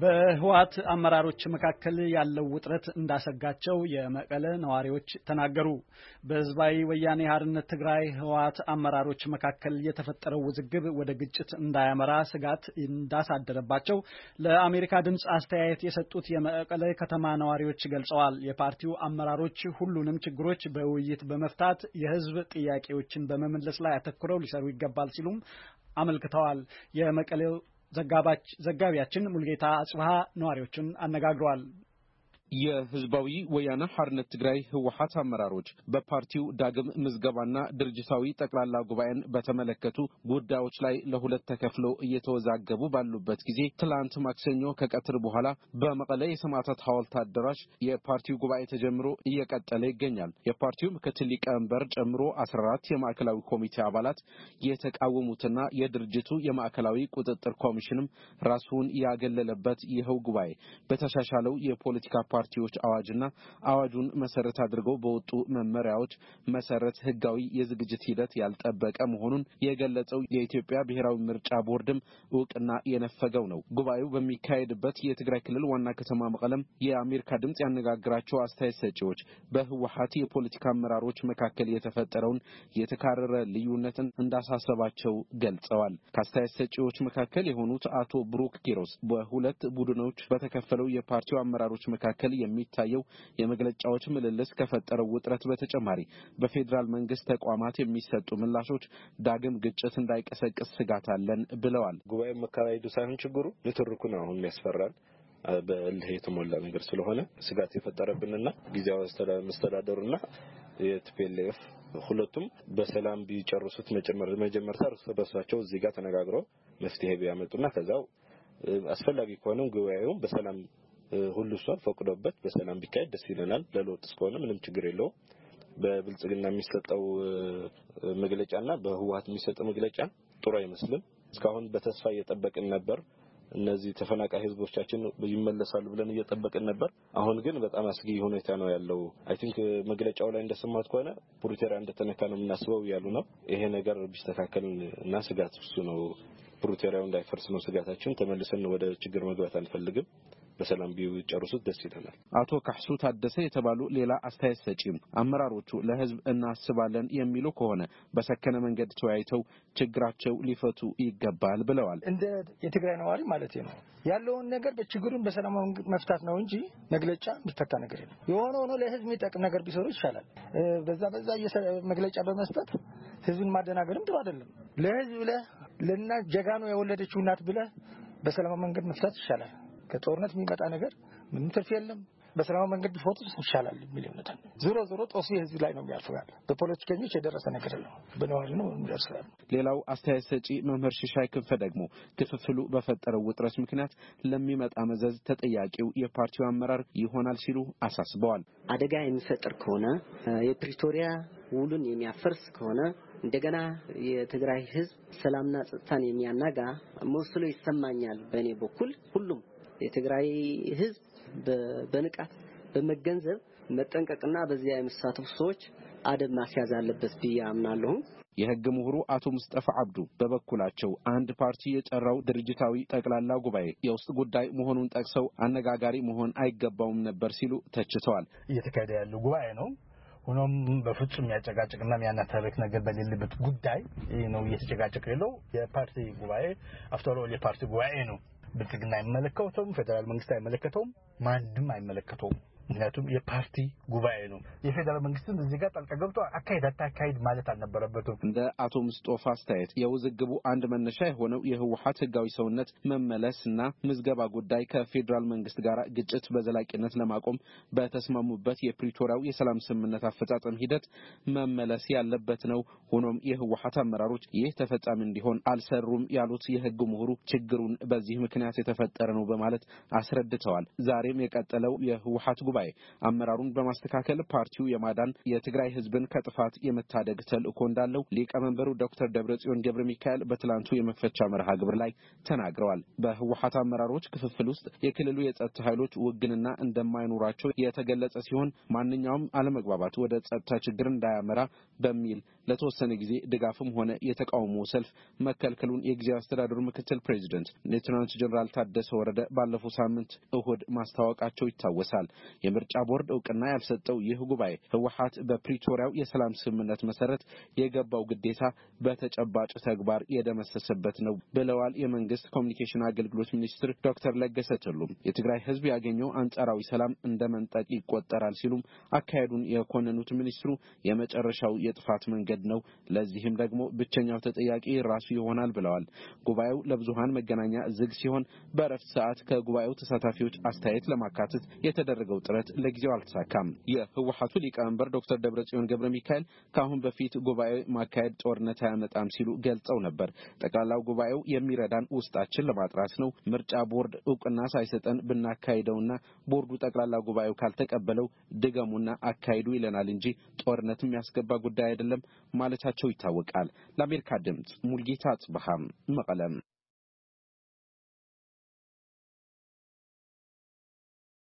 በህወሀት አመራሮች መካከል ያለው ውጥረት እንዳሰጋቸው የመቀለ ነዋሪዎች ተናገሩ። በህዝባዊ ወያኔ ሓርነት ትግራይ ህወሀት አመራሮች መካከል የተፈጠረው ውዝግብ ወደ ግጭት እንዳያመራ ስጋት እንዳሳደረባቸው ለአሜሪካ ድምፅ አስተያየት የሰጡት የመቀለ ከተማ ነዋሪዎች ገልጸዋል። የፓርቲው አመራሮች ሁሉንም ችግሮች በውይይት በመፍታት የህዝብ ጥያቄዎችን በመመለስ ላይ አተኩረው ሊሰሩ ይገባል ሲሉም አመልክተዋል። የመቀሌው ዘጋቢያችን ሙልጌታ አጽብሃ ነዋሪዎችን አነጋግሯል። የህዝባዊ ወያነ ሐርነት ትግራይ ህወሀት አመራሮች በፓርቲው ዳግም ምዝገባና ድርጅታዊ ጠቅላላ ጉባኤን በተመለከቱ ጉዳዮች ላይ ለሁለት ተከፍለው እየተወዛገቡ ባሉበት ጊዜ ትላንት ማክሰኞ ከቀትር በኋላ በመቀለ የሰማዕታት ሐውልት አዳራሽ የፓርቲው ጉባኤ ተጀምሮ እየቀጠለ ይገኛል። የፓርቲው ምክትል ሊቀመንበር ጨምሮ አስራ አራት የማዕከላዊ ኮሚቴ አባላት የተቃወሙትና የድርጅቱ የማዕከላዊ ቁጥጥር ኮሚሽንም ራሱን ያገለለበት ይኸው ጉባኤ በተሻሻለው የፖለቲካ ፓርቲዎች አዋጅና አዋጁን መሰረት አድርገው በወጡ መመሪያዎች መሰረት ሕጋዊ የዝግጅት ሂደት ያልጠበቀ መሆኑን የገለጸው የኢትዮጵያ ብሔራዊ ምርጫ ቦርድም እውቅና የነፈገው ነው። ጉባኤው በሚካሄድበት የትግራይ ክልል ዋና ከተማ መቀለም የአሜሪካ ድምፅ ያነጋግራቸው አስተያየት ሰጪዎች በህወሀት የፖለቲካ አመራሮች መካከል የተፈጠረውን የተካረረ ልዩነትን እንዳሳሰባቸው ገልጸዋል። ከአስተያየት ሰጪዎች መካከል የሆኑት አቶ ብሩክ ኪሮስ በሁለት ቡድኖች በተከፈለው የፓርቲው አመራሮች መካከል መካከል የሚታየው የመግለጫዎች ምልልስ ከፈጠረው ውጥረት በተጨማሪ በፌዴራል መንግስት ተቋማት የሚሰጡ ምላሾች ዳግም ግጭት እንዳይቀሰቅስ ስጋት አለን ብለዋል። ጉባኤ መካሄዱ ሳይሆን ችግሩ ንትርኩ ነው አሁን የሚያስፈራል በእልህ የተሞላ ነገር ስለሆነ ስጋት የፈጠረብንና ጊዜያዊ መስተዳደሩና የቲፒኤልኤፍ ሁለቱም በሰላም ቢጨርሱት መጀመር ተርስ በእርሳቸው እዚህ ጋር ተነጋግረው መፍትሄ ቢያመጡና ከዛው አስፈላጊ ከሆነም ጉባኤውም በሰላም ሁሉ እሷን ፈቅዶበት በሰላም ቢካሄድ ደስ ይለናል። ለለውጥ እስከሆነ ምንም ችግር የለውም። በብልጽግና የሚሰጠው መግለጫና በህወሀት የሚሰጠው መግለጫ ጥሩ አይመስልም። እስካሁን በተስፋ እየጠበቅን ነበር እነዚህ ተፈናቃይ ህዝቦቻችን ይመለሳሉ ብለን እየጠበቅን ነበር። አሁን ግን በጣም አስጊ ሁኔታ ነው ያለው። አይ ቲንክ መግለጫው ላይ እንደሰማሁት ከሆነ ፕሪቶሪያ እንደተነካ ነው የምናስበው እያሉ ነው። ይሄ ነገር ቢስተካከል እና ስጋት እሱ ነው። ፕሪቶሪያው እንዳይፈርስ ነው ስጋታችን። ተመልሰን ወደ ችግር መግባት አንፈልግም። በሰላም ቢጨርሱት ደስ ይለናል። አቶ ካሕሱ ታደሰ የተባሉ ሌላ አስተያየት ሰጪም አመራሮቹ ለህዝብ እናስባለን የሚሉ ከሆነ በሰከነ መንገድ ተወያይተው ችግራቸው ሊፈቱ ይገባል ብለዋል። እንደ የትግራይ ነዋሪ ማለት ነው ያለውን ነገር በችግሩን በሰላማዊ መፍታት ነው እንጂ መግለጫ የሚፈታ ነገር የለም። የሆነ ሆኖ ለህዝብ የሚጠቅም ነገር ቢሰሩ ይሻላል። በዛ በዛ መግለጫ በመስጠት ህዝብን ማደናገርም ጥሩ አይደለም። ለህዝብ ብለህ ለእናት ጀጋኖ የወለደችው እናት ብለህ በሰላማዊ መንገድ መፍታት ይሻላል። ከጦርነት የሚመጣ ነገር ምንም ትርፍ የለም። በሰላማዊ መንገድ ቢፈቱት ይሻላል የሚል እምነት ነው። ዞሮ ዞሮ ጦሱ የህዝብ ላይ ነው የሚያልፈጋል። በፖለቲከኞች የደረሰ ነገር ነው፣ በነዋሪ ነው የሚደርሳል። ሌላው አስተያየት ሰጪ መምህር ሽሻይ ክንፈ ደግሞ ክፍፍሉ በፈጠረው ውጥረት ምክንያት ለሚመጣ መዘዝ ተጠያቂው የፓርቲው አመራር ይሆናል ሲሉ አሳስበዋል። አደጋ የሚፈጥር ከሆነ የፕሪቶሪያ ውሉን የሚያፈርስ ከሆነ እንደገና የትግራይ ህዝብ ሰላምና ጸጥታን የሚያናጋ መስሎ ይሰማኛል። በእኔ በኩል ሁሉም የትግራይ ህዝብ በንቃት በመገንዘብ መጠንቀቅና በዚያ የመሳተፉ ሰዎች አደብ ማስያዝ አለበት ብዬ አምናለሁ። የህግ ምሁሩ አቶ ሙስጠፋ አብዱ በበኩላቸው አንድ ፓርቲ የጠራው ድርጅታዊ ጠቅላላ ጉባኤ የውስጥ ጉዳይ መሆኑን ጠቅሰው አነጋጋሪ መሆን አይገባውም ነበር ሲሉ ተችተዋል። እየተካሄደ ያለው ጉባኤ ነው። ሆኖም በፍጹም የሚያጨቃጭቅና የሚያናተርክ ነገር በሌለበት ጉዳይ ነው እየተጨቃጨቀ የለው የፓርቲ ጉባኤ አፍተር ኦል የፓርቲ ጉባኤ ነው። ብልጽግና አይመለከተውም፣ ፌዴራል መንግስት አይመለከተውም፣ ማንም አይመለከተውም። ምክንያቱም የፓርቲ ጉባኤ ነው። የፌዴራል መንግስትም እዚህ ጋር ጣልቃ ገብቶ አካሄድ አታካሄድ ማለት አልነበረበትም። እንደ አቶ ምስጦፋ አስተያየት የውዝግቡ አንድ መነሻ የሆነው የህወሀት ህጋዊ ሰውነት መመለስና ምዝገባ ጉዳይ ከፌዴራል መንግስት ጋር ግጭት በዘላቂነት ለማቆም በተስማሙበት የፕሪቶሪያው የሰላም ስምምነት አፈጻጸም ሂደት መመለስ ያለበት ነው። ሆኖም የህወሀት አመራሮች ይህ ተፈጻሚ እንዲሆን አልሰሩም ያሉት የህግ ምሁሩ ችግሩን በዚህ ምክንያት የተፈጠረ ነው በማለት አስረድተዋል። ዛሬም የቀጠለው የህወሀት ጉባኤ አመራሩን በማስተካከል ፓርቲው የማዳን የትግራይ ህዝብን ከጥፋት የመታደግ ተልእኮ እንዳለው ሊቀመንበሩ ዶክተር ደብረጽዮን ገብረ ሚካኤል በትላንቱ የመፈቻ መርሃ ግብር ላይ ተናግረዋል። በህወሀት አመራሮች ክፍፍል ውስጥ የክልሉ የጸጥታ ኃይሎች ውግንና እንደማይኖራቸው የተገለጸ ሲሆን ማንኛውም አለመግባባት ወደ ጸጥታ ችግር እንዳያመራ በሚል ለተወሰነ ጊዜ ድጋፍም ሆነ የተቃውሞ ሰልፍ መከልከሉን የጊዜ አስተዳደሩ ምክትል ፕሬዚደንት ሌትናንት ጀኔራል ታደሰ ወረደ ባለፈው ሳምንት እሁድ ማስታወቃቸው ይታወሳል። የምርጫ ቦርድ እውቅና ያልሰጠው ይህ ጉባኤ ህወሓት በፕሪቶሪያው የሰላም ስምምነት መሰረት የገባው ግዴታ በተጨባጭ ተግባር የደመሰሰበት ነው ብለዋል። የመንግስት ኮሚኒኬሽን አገልግሎት ሚኒስትር ዶክተር ለገሰ ቱሉ የትግራይ ህዝብ ያገኘው አንጻራዊ ሰላም እንደ መንጠቅ ይቆጠራል ሲሉም አካሄዱን የኮነኑት ሚኒስትሩ የመጨረሻው የጥፋት መንገድ ነው፣ ለዚህም ደግሞ ብቸኛው ተጠያቂ ራሱ ይሆናል ብለዋል። ጉባኤው ለብዙሃን መገናኛ ዝግ ሲሆን በእረፍት ሰዓት ከጉባኤው ተሳታፊዎች አስተያየት ለማካተት የተደረገው ጥረት ጥረት ለጊዜው አልተሳካም። የህወሓቱ ሊቀመንበር ዶክተር ደብረጽዮን ገብረ ሚካኤል ከአሁን በፊት ጉባኤ ማካሄድ ጦርነት አያመጣም ሲሉ ገልጸው ነበር። ጠቅላላው ጉባኤው የሚረዳን ውስጣችን ለማጥራት ነው። ምርጫ ቦርድ እውቅና ሳይሰጠን ብናካሂደውና ቦርዱ ጠቅላላ ጉባኤው ካልተቀበለው ድገሙና አካሂዱ ይለናል እንጂ ጦርነት የሚያስገባ ጉዳይ አይደለም ማለታቸው ይታወቃል። ለአሜሪካ ድምፅ ሙልጌታ አጽብሃም መቀለም